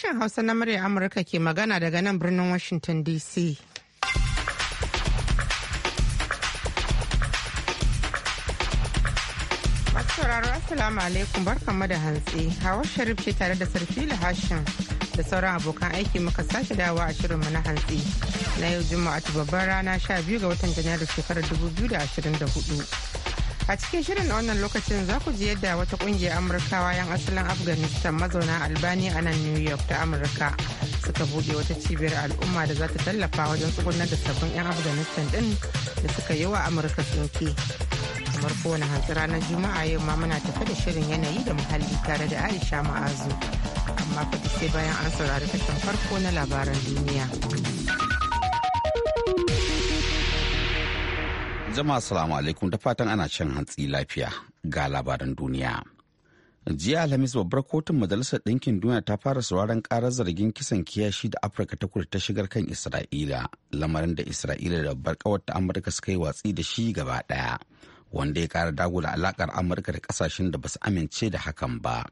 Sashen Hausa na murya Amurka ke magana daga nan birnin Washington DC. sauraro Assalamu alaikum barkanmu da hantsi. Hawa Sharif ce tare da Sarfila Hashim da sauran abokan aiki muka sake dawa a shirinmu na hantsi. Na yau Juma'a babbar rana 12 ga watan Janairu shekarar 2024. A cikin shirin a wannan lokacin za ku ji yadda wata kungiyar Amurkawa 'yan asalin Afghanistan mazauna Albani a nan New York ta Amurka suka buɗe wata cibiyar al'umma da za ta tallafa wajen tsugunar da sabbin 'yan Afghanistan ɗin da suka yi wa Amurka tsinke. Kamar kowane hantsi ranar Juma'a yau ma muna tafi da shirin yanayi da muhalli tare da Aisha Ma'azu. Amma fa sai bayan an saurari tashin farko na labaran duniya. Jama'a salamu alaikum da fatan ana shan hantsi lafiya ga labaran duniya. Jiya Alhamis babbar kotun Majalisar Ɗinkin Duniya ta fara sauraron karar zargin kisan kiyashi da Afirka ta kudu ta shigar kan Isra'ila, lamarin da Isra'ila da babbar ta Amurka suka yi watsi da shi gaba ɗaya, wanda ya ƙara dagula alaƙar Amurka da ƙasashen da basu amince da hakan ba.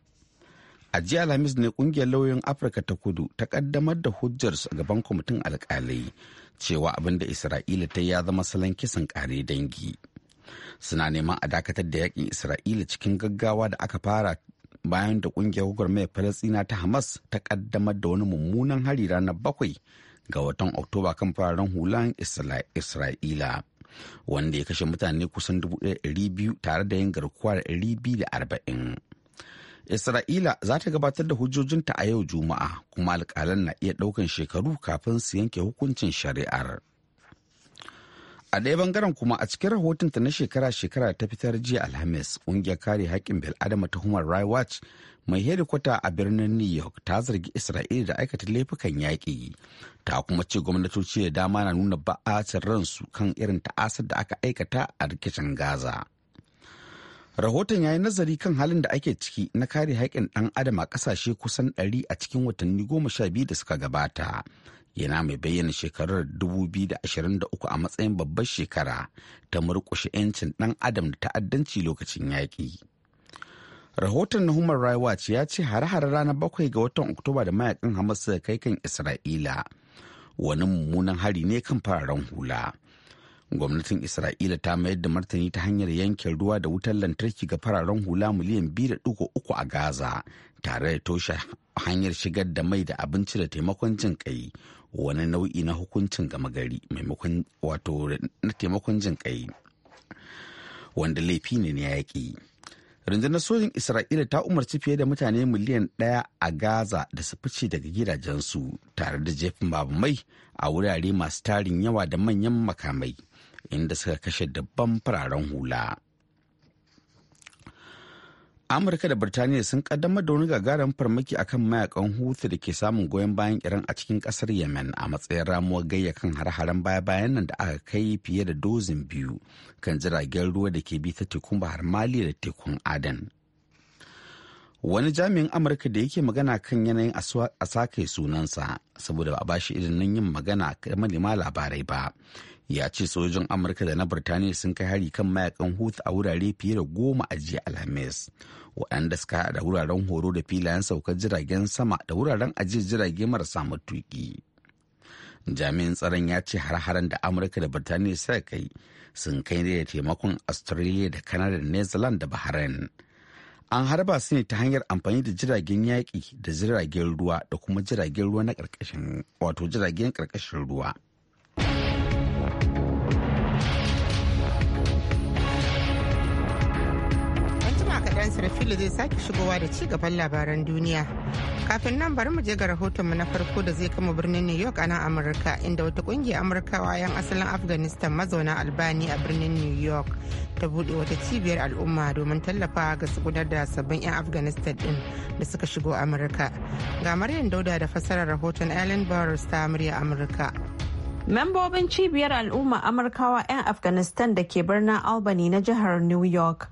A jiya Alhamis ne ƙungiyar lauyoyin Afirka ta kudu ta ƙaddamar da hujjarsu a gaban kwamitin alƙalai cewa abin da isra'ila ta ya zama salon kisan kare dangi suna neman a dakatar da yakin isra'ila cikin gaggawa da aka fara bayan da kungiyar gwagwarmayar falastina ta hamas ta kaddamar da wani mummunan hari ranar bakwai ga watan oktoba kan fararen hulan isra'ila wanda ya kashe mutane kusan 200,000 tare da yin garkuwa da 240 Isra'ila za ta gabatar da hujjojinta a yau Juma'a kuma alƙalan na iya ɗaukan shekaru kafin su yanke hukuncin shari'ar. A ɗaya bangaren kuma a cikin rahotonta na shekara-shekara ta fitar jiya Alhamis, ƙungiyar kare haƙƙin bil'adama ta Human Rights Watch mai hedikwata a birnin New York ta zargi Isra'ila da aikata laifukan yaƙi. Ta kuma ce gwamnatoci da dama na nuna ba'acin ransu kan irin ta'asar da aka aikata a rikicin Gaza. rahoton ya yi nazari kan halin da ake ciki na kare haƙƙin ɗan adam a ƙasashe kusan 100 a cikin watanni goma sha biyu da suka gabata yana mai bayyana shekarar 2023 a matsayin babbar shekara ta murƙushe 'yancin ɗan adam da ta'addanci lokacin yaƙi rahoton na human rights watch ya ce hare-hare ranar bakwai ga watan oktoba da mayakan hamas suka kai kan isra'ila wani mummunan hari ne kan fararen hula gwamnatin isra'ila ta mayar da martani ta hanyar yanke ruwa da wutar lantarki ga fararen hula miliyan 2.3 a gaza tare da toshe hanyar shigar da mai da abinci da taimakon jin kai wani nau'i na hukuncin gama gari maimakon wato na taimakon jin kai wanda laifi ne na yaƙi rundunar sojin isra'ila ta umarci fiye da mutane miliyan ɗaya a gaza da su fice daga gidajensu tare da jefin babu mai a wurare masu tarin yawa da manyan makamai inda suka kashe dabban fararen hula. amurka da birtaniya sun kaddamar da wani gagarin farmaki akan mayakan hutu da ke samun goyon bayan iran a cikin kasar yemen a matsayin ramuwar gayyakan har-haren baya-bayan nan da aka kai fiye da dozin biyu kan jiragen ruwa da ke bi ta tekun bahar mali da tekun aden. wani jami'in amurka da yake magana kan yanayin a sunansa saboda ba a bashi idan yin magana ga manema labarai ba ya ce sojojin amurka da na birtaniya sun kai hari kan mayakan hutu a wurare fiye da goma a jiya alhamis waɗanda suka haɗa da wuraren horo da filayen saukar jiragen sama da wuraren ajiyar jirage marasa matuƙi jami'in tsaron ya ce har-haren da amurka da birtaniya suka kai sun kai ne da taimakon australia da canada da new zealand da bahrain an harba su ne ta hanyar amfani da jiragen yaƙi da jiragen ruwa da kuma jiragen ruwa na ƙarƙashin wato jiragen ƙarƙashin ruwa bayan sarfili zai sake shigowa da ci gaban labaran duniya. Kafin nan bari mu je ga rahotonmu na farko da zai kama birnin New York a nan Amurka inda wata kungiyar Amurkawa 'yan asalin Afghanistan mazauna Albani a birnin New York ta buɗe wata cibiyar al'umma domin tallafa ga gudanar da sabbin 'yan Afghanistan din da suka shigo Amurka. Ga Maryam Dauda da fassarar rahoton Ellen Burrows ta murya Amurka. Membobin cibiyar al'umma Amurkawa 'yan Afghanistan da ke birnin Albany na jihar New York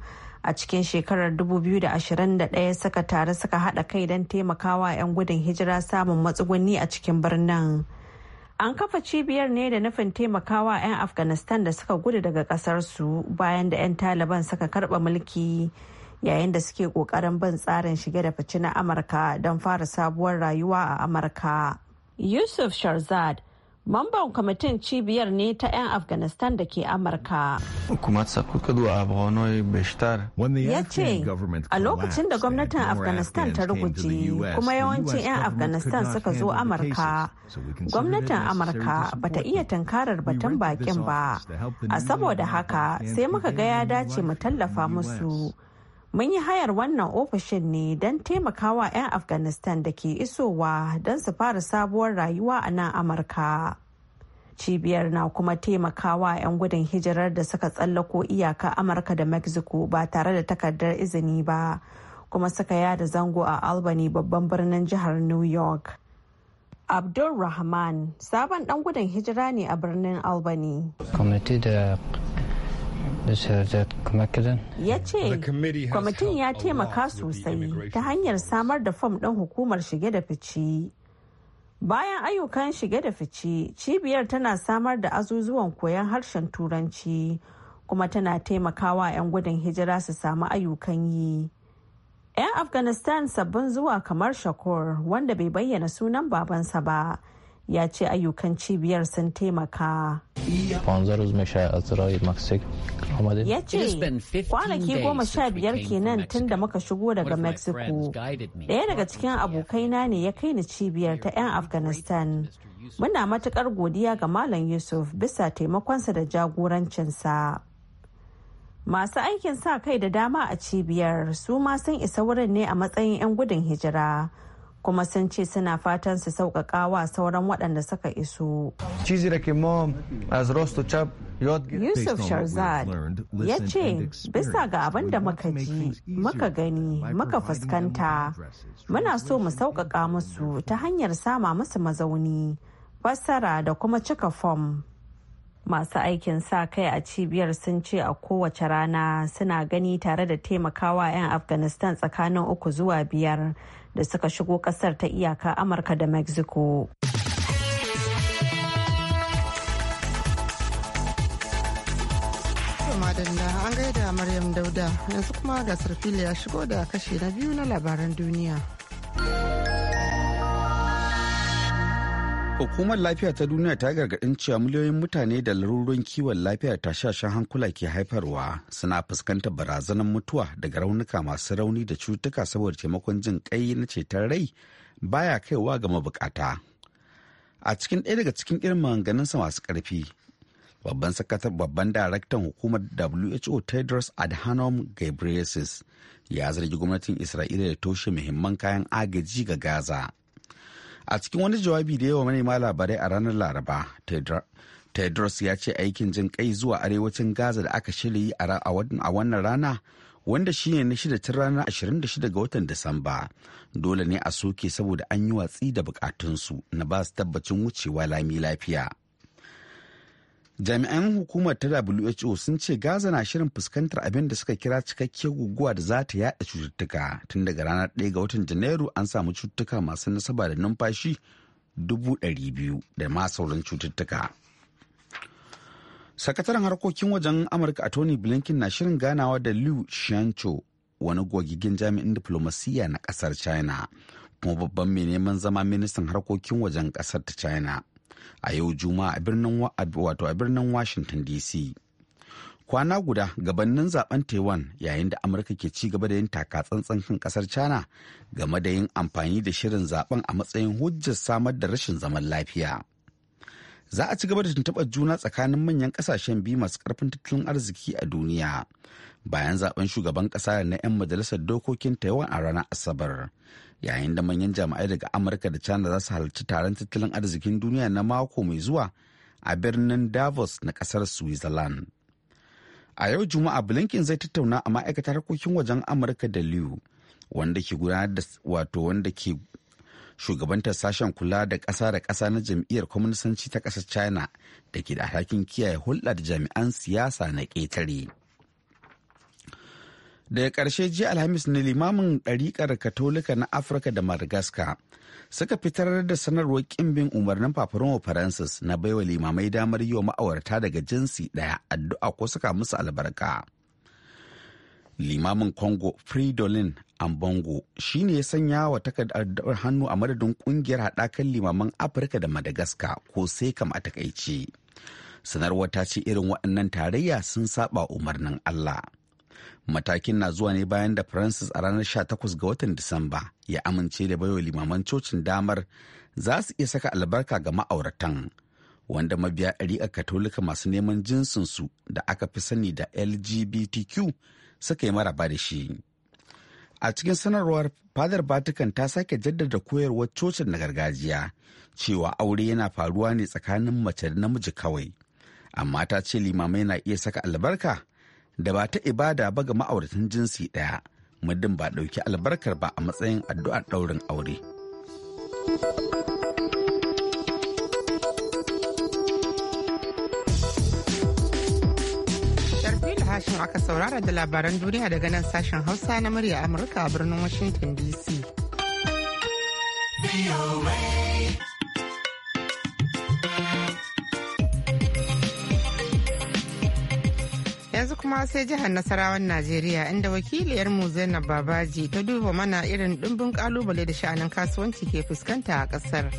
a cikin shekarar 2021 saka tare suka haɗa kai don taimakawa 'yan gudun hijira samun matsuguni a cikin birnin an kafa cibiyar ne da nufin taimakawa 'yan afghanistan da suka gudu daga ƙasarsu bayan da 'yan taliban suka karɓa mulki yayin da suke ƙoƙarin bin tsarin shige da fice na amurka don fara sabuwar rayuwa a amurka yusuf sharzad Mamban kwamitin cibiyar ne ta 'yan Afghanistan da ke Amurka. Ya ce, a lokacin da gwamnatin Afghanistan ta ruguje kuma yawancin 'yan Afghanistan suka zo Amurka, gwamnatin Amurka bata iya tunkarar batun bakin ba. A saboda haka sai muka ga ya dace mu tallafa musu. mun yi hayar wannan ofishin ne don taimakawa 'yan afghanistan da ke isowa don su fara sabuwar rayuwa a nan amurka cibiyar na kuma taimakawa 'yan gudun hijirar da suka tsallako iyaka amurka da mexico ba tare da takardar izini ba kuma suka yada zango a albany babban birnin jihar new york abdul rahman sabon dan gudun hijira ne a birnin albany Ya ce, kwamitin ya taimaka sosai ta hanyar samar da fom ɗin hukumar shige da fice. Bayan ayyukan shige da fice, cibiyar tana samar da azuzuwan koyon harshen Turanci, kuma tana taimakawa 'yan gudun hijira su samu ayyukan yi. 'Yan Afghanistan sabbin zuwa kamar Shakur, wanda bai bayyana sunan babansa ba. ya ce ayyukan cibiyar sun taimaka. Ya ce kwanaki goma sha biyar kenan tun da muka shigo daga Mexico. daya daga cikin abokaina ne ya kai ni cibiyar ta 'yan Afghanistan. Muna matukar godiya ga Malam Yusuf bisa taimakonsa da jagorancinsa. Masu aikin sa kai da dama a cibiyar su ma sun isa wurin ne a matsayin 'yan gudun hijira. kuma sun ce suna fatan su sauƙaƙa wa sauran waɗanda suka iso. Yusuf Sharzad ya ce bisa ga abin da muka ji, muka gani, muka fuskanta, muna so mu sauƙaƙa musu ta hanyar sama musu mazauni, fassara da kuma cika fom. masu aikin sa kai a cibiyar sun ce a kowace rana suna gani tare da taimakawa 'yan afghanistan tsakanin uku zuwa biyar da suka shigo kasar ta iyaka amurka da mexico madalla an gaida maryam dauda yanzu kuma gasar fili ya shigo da kashi na biyu na labaran duniya Hukumar lafiya ta duniya ta gargaɗin cewa miliyoyin mutane da larurin kiwon lafiya ta shashen hankula ke haifarwa suna fuskantar barazanar mutuwa daga raunuka masu rauni da cutuka saboda taimakon jin kai na ceton rai baya kaiwa ga mabukata. A cikin ɗaya daga cikin irin maganganunsa masu ƙarfi, babban sakatar babban daraktan hukumar WHO Tedros Adhanom Ghebreyesus ya zargi gwamnatin Isra'ila da toshe muhimman kayan agaji ga Gaza. a cikin wani jawabi da yawa manema labarai a ranar laraba tedros ya ce aikin jin kai zuwa arewacin gaza da aka shirya a wannan rana wanda shi ne na shida tun ranar 26 ga watan disamba dole ne a soke saboda an yi watsi da bukatunsu na ba su tabbacin wucewa lami lafiya jami'an hukumar ta who sun ce gaza na shirin fuskantar abin da suka kira cikakkiyar guguwa da za ta yada cututtuka tun daga ranar 1 ga watan janairu an samu cututtuka masu nasaba da numfashi 200,000 da ma cututtuka sakataren harkokin wajen amurka a tony blinken na shirin ganawa da liu shancho wani gogigin jami'in diplomasiya na kasar china kuma babban mai neman zama ministan harkokin wajen kasar ta china a yau juma'a a birnin washington dc kwana guda gabanin zaben taiwan yayin da amurka ke ci gaba da yin takatsantsan kan kasar china game da yin amfani da shirin zaben a matsayin hujjar samar da rashin zaman lafiya za a ci gaba da tuntuɓar juna tsakanin manyan ƙasashen biyu masu ƙarfin tattalin arziki a duniya bayan zaben shugaban kasa na 'yan majalisar dokokin taiwan a ranar asabar yayin da manyan jami'ai daga amurka da china za su halarci taron tattalin arzikin duniya na mako mai zuwa a birnin davos na kasar switzerland a yau juma'a blinken zai tattauna a ma'aikatar harkokin wajen amurka da liu wanda ke gudanar da wato wanda ke shugabantar sashen kula da kasa da kasa na jam'iyyar kwamnisanci ta ƙasar china da ke da alhakin kiyaye hulɗar jami'an siyasa na ƙetare. daga ƙarshe jiya alhamis ne limamin ɗariƙar katolika na afirka da madagascar suka fitar da sanarwar ƙimbin umarnin paparoma francis na baiwa limamai damar yi wa ma'aurata daga jinsi ɗaya addu'a ko suka musu albarka limamin congo fridolin ambongo shi ne ya sanya wa takardar hannu a madadin ƙungiyar haɗakan limaman afirka da madagascar ko sai kam a takaice sanarwar ta ce irin waɗannan tarayya sun saba umarnin allah Matakin na zuwa ne bayan da Francis a ranar 18 ga watan Disamba ya amince da baiwa limaman cocin damar za su iya saka albarka ga ma'auratan. Wanda mabiya a Katolika masu neman jinsinsu da aka fi sani da LGBTQ suka yi maraba da shi. A cikin sanarwar fadar Vatican ta sake jaddada koyarwar cocin na gargajiya cewa aure yana faruwa ne tsakanin mace da namiji kawai. Amma ta ce limamai na iya saka albarka da ba ta ibada ba ga ma'auratan jinsi ɗaya muddin ba ɗauki albarkar ba a matsayin addu'ar ɗaurin aure. Hashin aka saurara da labaran duniya daga nan sashen Hausa na murya Amurka a birnin Washington DC. kuma sai jihar Nasarawan Najeriya inda wakiliyar mu Zainab Babaji ta duba mana irin ɗimbin kalubale da sha'anin kasuwanci ke fuskanta a ƙasar.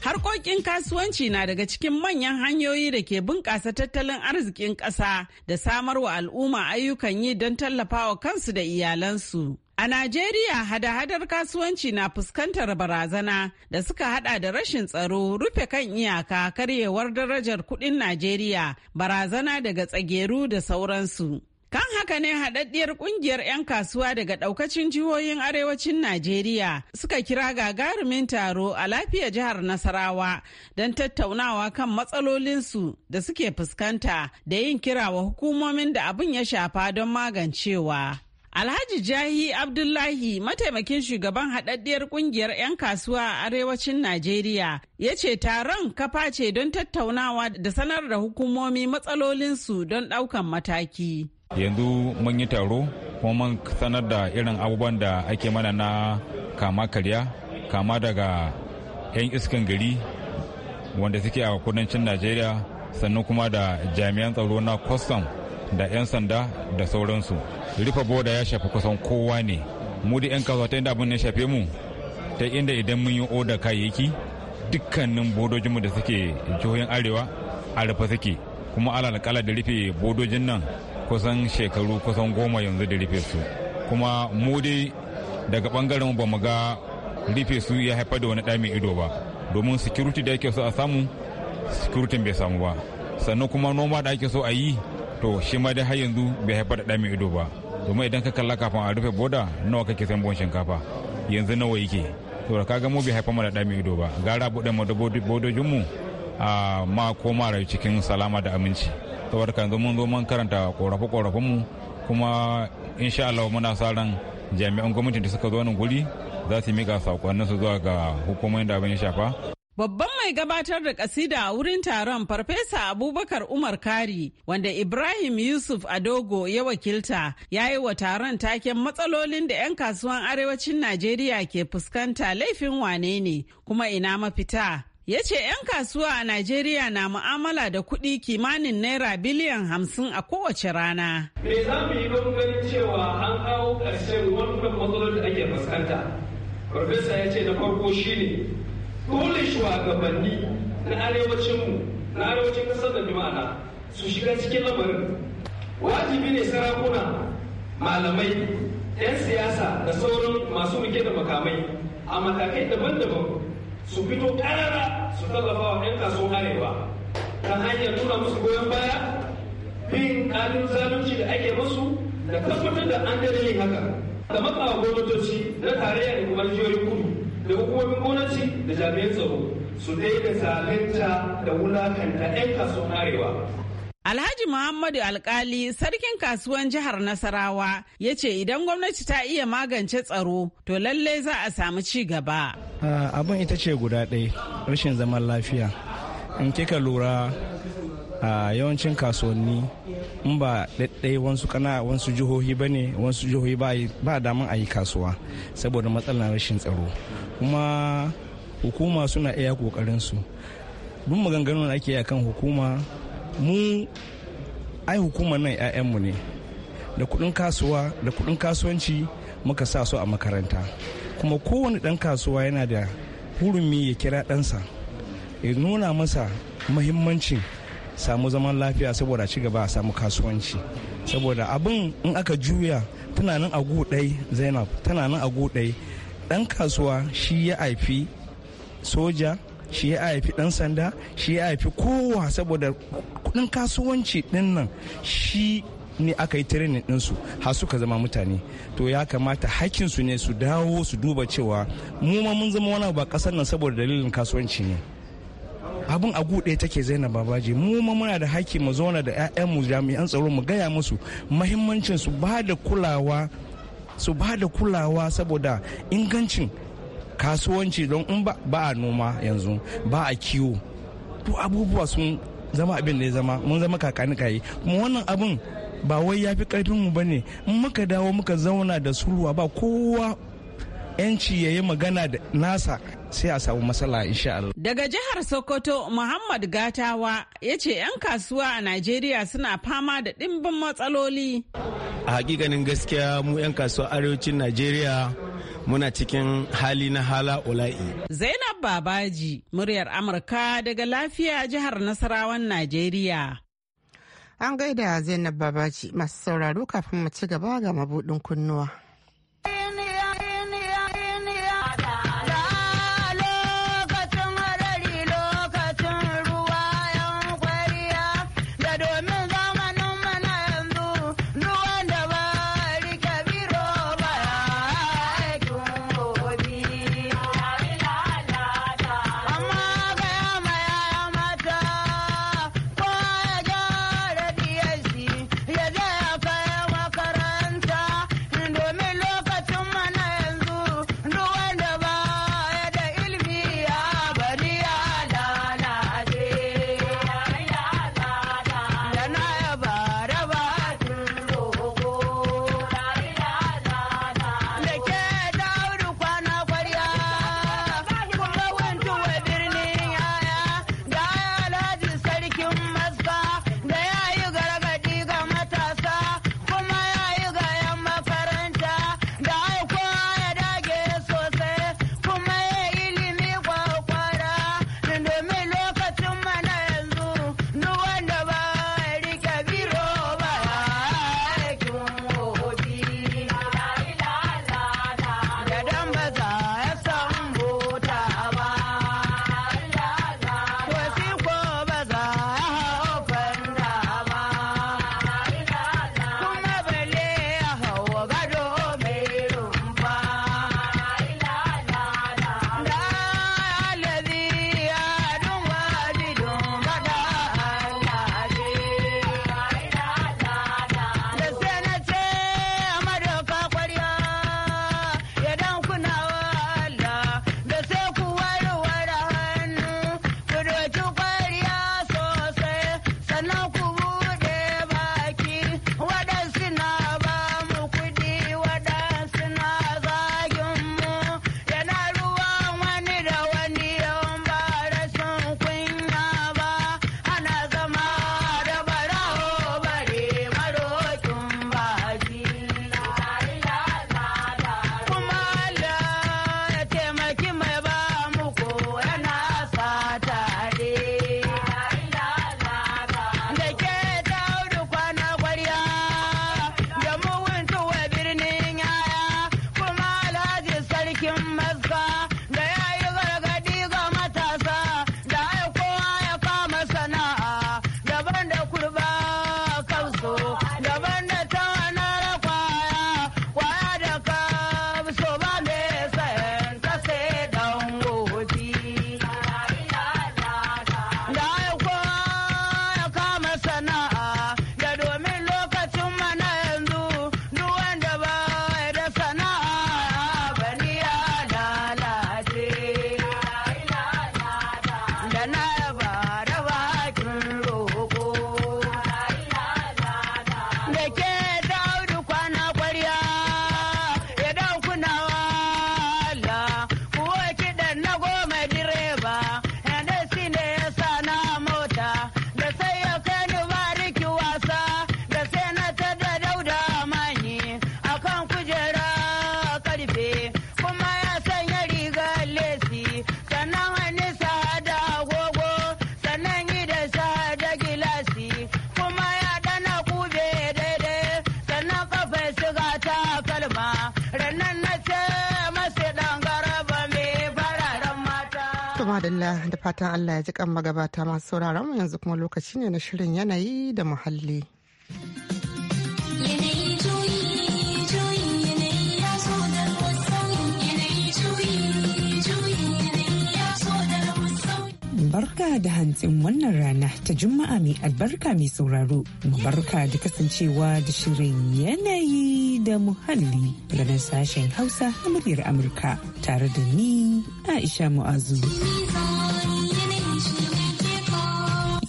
Harkokin kasuwanci na daga cikin manyan hanyoyi da ke bunƙasa tattalin arzikin ƙasa da samarwa al'umma ayyukan yi don tallafawa kansu da iyalansu. A Najeriya hada-hadar kasuwanci na fuskantar barazana da suka hada da rashin tsaro, rufe kan iyaka, karyewar darajar kudin Najeriya, barazana daga tsageru da sauransu. Kan haka ne haɗaɗɗiyar ƙungiyar 'yan kasuwa daga ɗaukacin jihohin arewacin Najeriya suka kira gagarumin taro a lafiya jihar Nasarawa don tattaunawa kan matsalolinsu da suke fuskanta da yin kira wa hukumomin da abin ya shafa don magancewa. Alhaji Jahi Abdullahi mataimakin shugaban haɗaɗɗiyar ƙungiyar 'yan kasuwa a arewacin Najeriya ya ce taron kafa ce don tattaunawa da sanar da hukumomi matsalolinsu don ɗaukan mataki. Yanzu mun yi taro kuma mun sanar da irin abubuwan da ake mana na kama karya kama daga 'yan iskan gari wanda suke a kudancin Najeriya sannan kuma da jami'an tsaro na kwastam da 'yan sanda da sauransu rufe boda ya shafi kusan kowa ne mu da 'yan kasuwa ta inda abin ya shafe mu ta inda idan mun yi oda kayayyaki dukkanin bodojinmu da suke jihohin arewa a rufe suke kuma alalakala da rufe bodojin nan kusan shekaru kusan goma yanzu da rufe su kuma mu dai daga bangaren ba mu ga rufe su ya haifar da wani ɗami ido ba domin security da ake so a samu security bai samu ba sannan kuma noma da ake so a yi to shi ma dai har yanzu bai haifar da mai ido ba domin idan ka kalla kafin a rufe boda nawa kake san buwan shinkafa yanzu nawa yake to da kaga mu bai haifar mana da ido ba gara buɗe mu da bodojin mu a ma koma rayu cikin salama da aminci saboda kan mun zo mun karanta korafe korafen mu kuma insha Allah muna sa ran jami'an gwamnati da suka zo nan guri za su mika sakonnin su zuwa ga hukumomin da abin ya shafa Babban mai gabatar da kasida a wurin taron Farfesa Abubakar Umar Kari, wanda Ibrahim Yusuf Adogo ya wakilta, ya yi wa taron taken matsalolin da 'yan kasuwan arewacin Najeriya ke fuskanta laifin wane ne, kuma ina mafita. ya ce 'yan kasuwa a najeriya na mu'amala da kuɗi kimanin naira biliyan hamsin a kowace rana me za mu yi cewa an kawo ƙarshen wannan matsalolin da ake fuskanta farfesa ya ce na farko shine dole shugabanni na arewacin mu na arewacin kasar da bimana su shiga cikin lamarin wajibi ne sarakuna malamai 'yan siyasa da sauran masu muke da makamai a matakai daban-daban su fito ƙarara su tallafa wa 'yan kasuwan arewa ta hanyar nuna musu goyon baya bin ƙarin zalunci da ake masu da tabbatar da an dare yin haka da matsawa gwamnatoci na tarayya da kuma jihohin kudu da hukumomin gwamnati da jami'an tsaro su daina zalunta da wulakanta 'yan kasuwan arewa Alhaji Muhammadu Alkali sarkin kasuwan jihar Nasarawa ya ce idan gwamnati ta iya magance tsaro to lallai za a samu ci gaba. Abin ita ce guda ɗaya rashin zaman lafiya. In kika lura a yawancin kasuwanni in ba ɗaiɗai wasu kana wasu jihohi ba ne wasu jihohi ba daman a yi kasuwa saboda matsalar rashin tsaro. kuma hukuma suna iya ƙoƙarinsu duk maganganun da ake yi kan hukuma mu ai hukuma nan mu ne da kuɗin kasuwa da kuɗin kasuwanci muka sa su a makaranta kuma kowane ɗan kasuwa yana da hurumi ya kira ɗansa ya nuna masa mahimmancin samu zaman lafiya saboda ci gaba a samu kasuwanci saboda abin in aka juya tana nan a zainab tana nan a ɗan kasuwa shi ya haifi soja shi ya haifi ɗan sanda shi ya haifi kowa saboda kudin kasuwanci ɗin nan shi ne aka yi training su har suka zama mutane to ya kamata su ne su dawo su duba cewa mu ma mun zama wani ba kasar nan saboda dalilin kasuwanci ne abin a ɗaya take zaina babaji mu ma muna da hakki mu zauna da mu jami'an tsaro mu gaya musu mahimmancin su ba da kulawa su ba da kulawa saboda ingancin kasuwanci don in ba a noma yanzu ba a kiwo to abubuwa sun zama abin da ya zama mun zama kakani kayi kuma wannan abin ba wai ya fi karfin mu ne in muka dawo muka zauna da sulwa ba kowa yanci ya yi magana da nasa sai a samu matsala Daga jihar Sokoto, Muhammad Gatawa ya ce 'yan kasuwa a Najeriya suna fama da ɗimbin matsaloli. a hakikanin gaskiya mu 'yan kasuwa arewacin najeriya muna cikin hali na hala ula'i. zainab babaji muryar amurka daga lafiya jihar nasarawan najeriya an gaida zainab babaji masu sauraro kafin mu ci gaba ga mabudin kunnuwa da fatan Allah ya ji kan magabata masu sauraron mu yanzu kuma lokaci ne na shirin yanayi da muhalli. barka da hantsin wannan rana ta juma'a mai albarka mai sauraro barka da kasancewa da shirin yanayi da muhalli daga sashen hausa na muryar amurka tare da ni aisha mu'azu.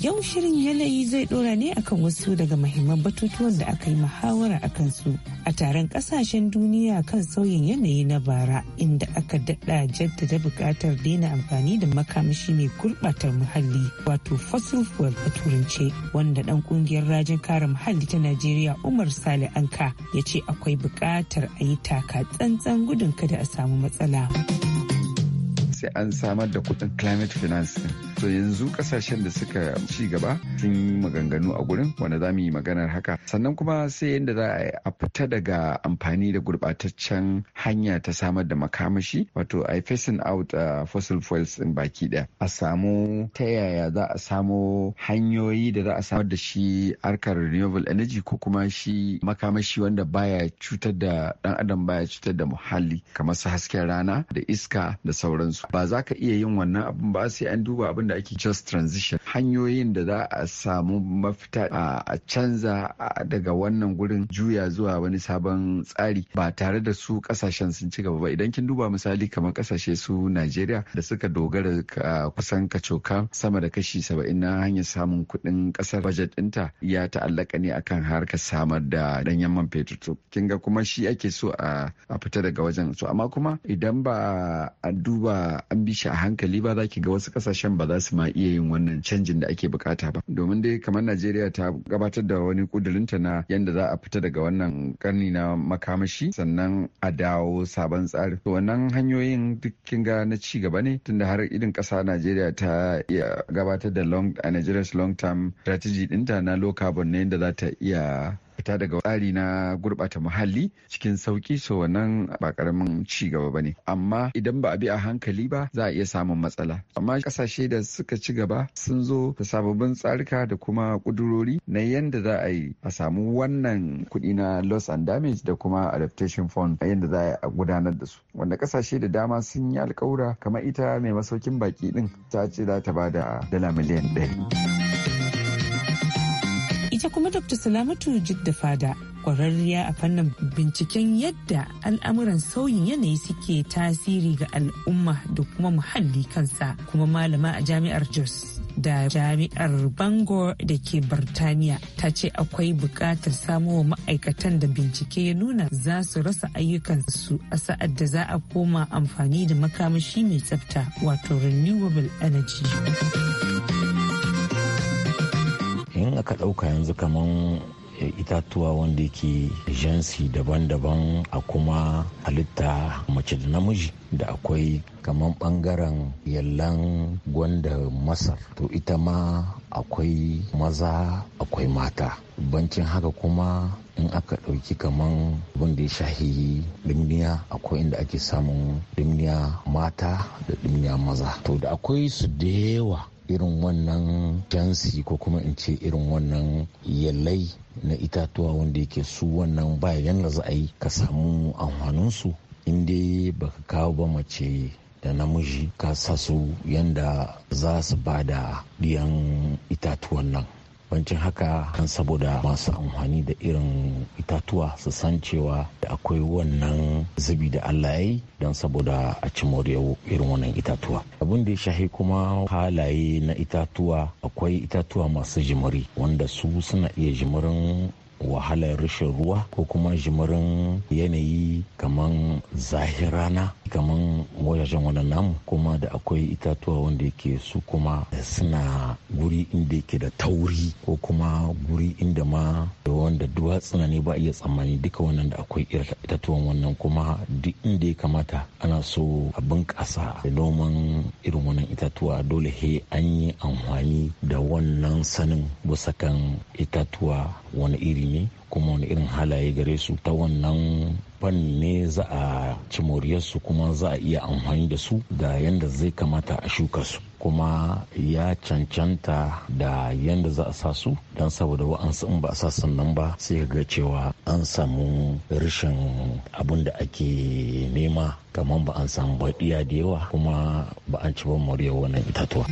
Yau shirin yanayi zai dora ne akan wasu daga mahimman batutuwan da aka yi muhawara a kansu a taron kasashen duniya kan sauyin yanayi na bara inda aka daɗa jaddada bukatar daina amfani da makamashi mai gurɓatar muhalli wato fossil fuel a turance wanda ɗan ƙungiyar rajin kare muhalli ta Najeriya Umar Sale Anka ya ce akwai buƙatar a yi taka tsantsan gudun kada a samu matsala. sai an samar da kuɗin climate finance to yanzu kasashen da suka ci gaba sun yi maganganu a gurin wanda za mu yi maganar haka sannan kuma sai yadda za a yi fita daga amfani da gurbataccen hanya ta samar da makamashi wato a facing out uh, fossil fuels in baki ɗaya a samu ta yaya za a samo hanyoyi da za a samar da shi harkar renewable energy ko kuma shi makamashi wanda baya cutar da dan adam baya cutar da muhalli kamar su hasken rana da iska da sauransu ba za ka iya yin wannan abin ba sai an duba abin da ake just transition hanyoyin da za a samu mafita uh, a canza uh, daga wannan gurin juya zuwa wani sabon tsari ba tare da su kasashen sun ci gaba ba idan kin duba misali kamar kasashe su Najeriya da suka dogara kusan kacoka sama da kashi saba'in na hanyar samun kuɗin kasar bajet ɗinta ya ta'allaka ne akan harkar samar da danyen man fetur to kin ga kuma shi ake so a fita daga wajen to amma kuma idan ba a duba an bi shi a hankali ba za ki ga wasu kasashen ba za su ma iya yin wannan canjin da ake bukata ba domin dai kamar Najeriya ta gabatar da wani kudurinta na yadda za a fita daga wannan karni na makamashi sannan a dawo sabon tsari to wannan hanyoyin duk ga na ci gaba ne tunda har irin ƙasa Najeriya ta iya gabatar da long a Nigeria's long term strategy dinta na low carbon ne da za ta iya fita daga tsari na gurɓata muhalli cikin sauki so wannan ba karamin ci gaba bane amma idan ba a bi a hankali ba za a iya samun matsala amma kasashe da suka ci gaba sun zo da sababbin tsarika da kuma kudurori na yanda za a yi a samu wannan kuɗi na loss and damage da kuma adaptation fund yanda za a yi a gudanar da su wanda kasashe da dama sun yi alkawura kamar ita mai masaukin baki din ta ce za ta ba da dala miliyan ɗaya. ita kuma dr salamatu jidda fada kwararriya a fannin binciken yadda al'amuran sauyin yanayi suke tasiri ga al'umma da kuma muhalli kansa kuma malama a jami'ar jos da jami'ar Bangor da ke birtaniya ta ce akwai bukatar wa ma'aikatan da bincike ya nuna za su rasa ayyukansu a sa'ad da za a koma amfani da makamashi mai tsafta wato renewable energy aka ɗauka yanzu kamar eh, itatuwa wanda yake jansi daban-daban a kuma halitta mace da namiji da akwai kamar ɓangaren yallan gwanda masar to ita ma akwai maza akwai mata bancin haka kuma in aka ɗauki kamar wanda ya shahi dimniya akwai inda ake samun dimniya mata da dimniya maza to da akwai su da yawa irin wannan jansi ko kuma in ce irin wannan yallai na itatuwa wanda yake su wannan bayan da za a yi ka samu amfaninsu in dai baka kawo ba mace da namiji ka sa su yanda za su ba da ɗiyan itatuwan nan bancin haka kan saboda masu amfani da irin itatuwa su san cewa da akwai wannan zubi da allah ya yi don saboda a ci moriyar irin wannan itatuwa abin da ya shahi kuma halaye na itatuwa akwai itatuwa masu jimiri wanda su suna iya jimirin wahalar rashin ruwa ko kuma jimurin yanayi kamar zahirana kaman wajajen wannan namu kuma da akwai itatuwa wanda yake su kuma suna guri inda yake da tauri ko kuma guri inda ma wanda duwatsuna ne ba iya tsammani duka wannan da akwai itatuwan wannan kuma duk inda ya kamata ana so a bunƙasa noman irin wannan itatuwa dole he an yi amfani da wannan sanin bisa itatuwa wani iri ne kuma wani irin halaye gare su ta wannan fanni ne za a ci moriyarsu kuma za a iya amfani da su da yadda zai kamata a shuka su kuma ya cancanta da yadda za a sa su don saboda wa'ansu in ba a sa sannan ba sai ga cewa an samu rashin abin da ake nema kamar ba an samu baɗiya da yawa kuma ba an ci ba moriyar wannan itatuwa.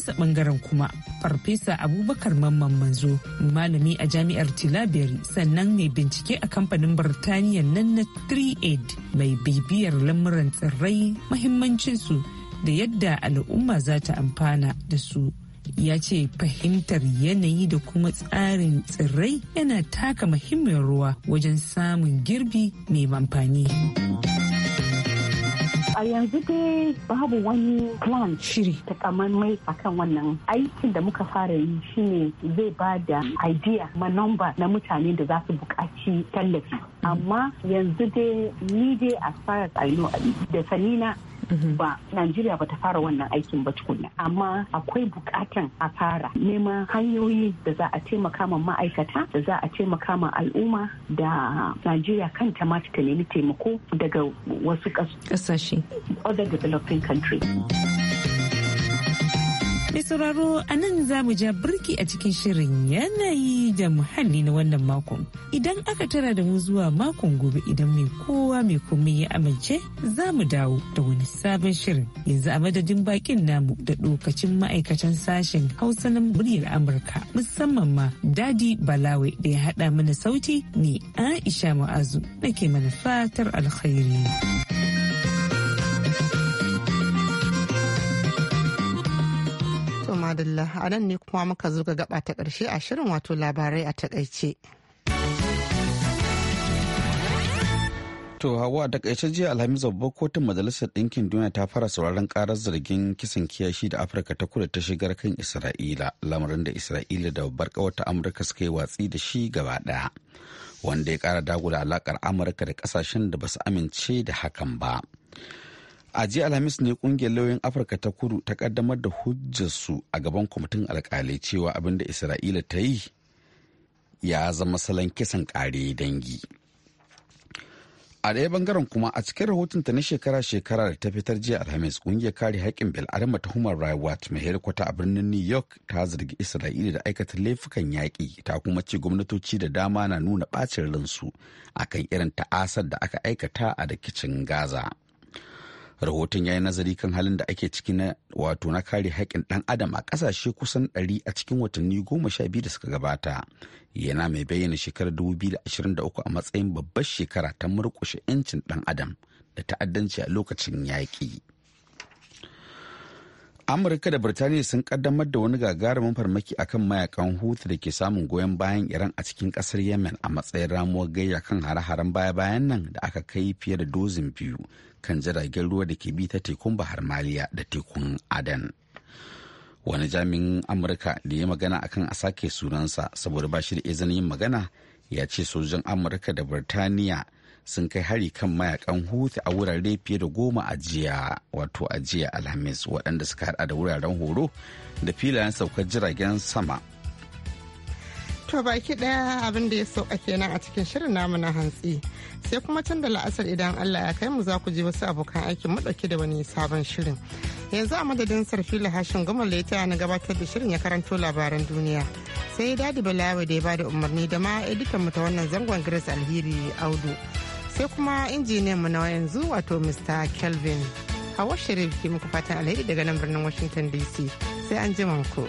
nasa bangaren kuma farfesa abubakar mamman manzo malami a jami'ar tilabiyar sannan mai bincike a kamfanin birtaniya nan na 3aid mai bibiyar lamuran tsirrai mahimmancinsu da yadda al'umma za ta amfana da su ya ce fahimtar yanayi da kuma tsarin tsirrai yana taka muhimmiyar ruwa wajen samun girbi mai amfani. a yanzu dai babu wani plan shiri ta takamaimai akan wannan aikin da muka fara yi shine zai ba da idea ma number na mutane da za su buƙaci tallafi amma yanzu dai ni dai as far as i know da sanina Mm-hmm. ba Najeriya bata fara wannan aikin ba tukunna amma akwai bukatan a fara neman hanyoyi da za a taimaka ma ma'aikata da za a taimaka ma al'umma da Najeriya ta ma ta nemi taimako daga wasu ƙasashe other developing countries. Mai sauraro a nan za mu ja birki a cikin shirin yanayi da muhalli na wannan makon. Idan aka tara da mu zuwa makon gobe idan mai kowa mai komai ya amince za mu dawo da wani sabon shirin. Yanzu a madadin bakin namu da lokacin ma'aikatan sashen Hausa na muryar Amurka musamman ma Dadi Balawe da ya haɗa mana sauti ne Aisha Ma'azu nake mana fatar alkhairi. madalla a nan ne kuma muka zo ga gaba ta ƙarshe a shirin wato labarai a takaice. To hawa a takaice jiya Alhamis babbar kotun majalisar ɗinkin duniya ta fara sauraron karar zargin kisan kiyashi da Afirka ta kudu ta shigar kan Isra'ila lamarin da Isra'ila da babbar ƙawata Amurka suka yi watsi da shi gaba ɗaya. Wanda ya ƙara dagula alaƙar Amurka da ƙasashen da basu amince da hakan ba. a jiya alhamis ne kungiyar lauyoyin afirka ta kudu ta kaddamar da hujjarsu a gaban kwamitin alkalai cewa abin da isra'ila ta yi ya zama salon kisan kare dangi a ɗaya bangaren kuma a cikin rahoton ta na shekara-shekara da ta fitar jiya alhamis kungiyar kare haƙƙin bil'adama ta human rights watch mai helikwata a birnin new york ta zargi isra'ila da aikata laifukan yaƙi ta kuma ce gwamnatoci da dama na nuna ɓacin ransu akan irin ta'asar da aka aikata a rikicin gaza rahoton ya yi nazari kan halin da ake ciki na wato na kare haƙƙin ɗan adam a ƙasashe kusan ɗari a cikin watanni goma sha biyu da suka gabata yana mai bayyana shekarar 2023 a matsayin babbar shekara ta murƙushe 'yancin ɗan adam da ta'addanci a lokacin yaƙi amurka da birtaniya sun kaddamar da wani gagarumin farmaki akan mayakan hutu da ke samun goyon bayan iran a cikin kasar yemen a matsayin ramuwar gayya kan hare-haren baya-bayan nan da aka kai fiye da dozin biyu kan jiragen ruwa da ke bi ta tekun bahar maliya da tekun adan wani jami'in amurka da ya magana akan a sake sunansa saboda ba shi da izinin yin magana ya ce sojan amurka da birtaniya sun kai hari kan mayakan huti a wurare fiye da goma a jiya wato a jiya alhamis waɗanda suka hada da wuraren horo da filayen saukar jiragen sama To baki daya abin da ya sauka kenan a cikin shirin namu na hantsi. Sai kuma can da la'asar idan Allah ya kai mu za ku je wasu abokan aikin madauki da wani sabon shirin. Yanzu a madadin sarfila hashin goma leta na gabatar da shirin ya karanto labaran duniya. Sai dadi balawa da ya bada umarni da ma editan mu ta wannan zangon Grace Alhiri Audu. Sai kuma injiniyan mu na yanzu wato Mr. Kelvin. Hawa Sharif ke muku fatan alheri daga nan birnin Washington DC. Sai an jima ku.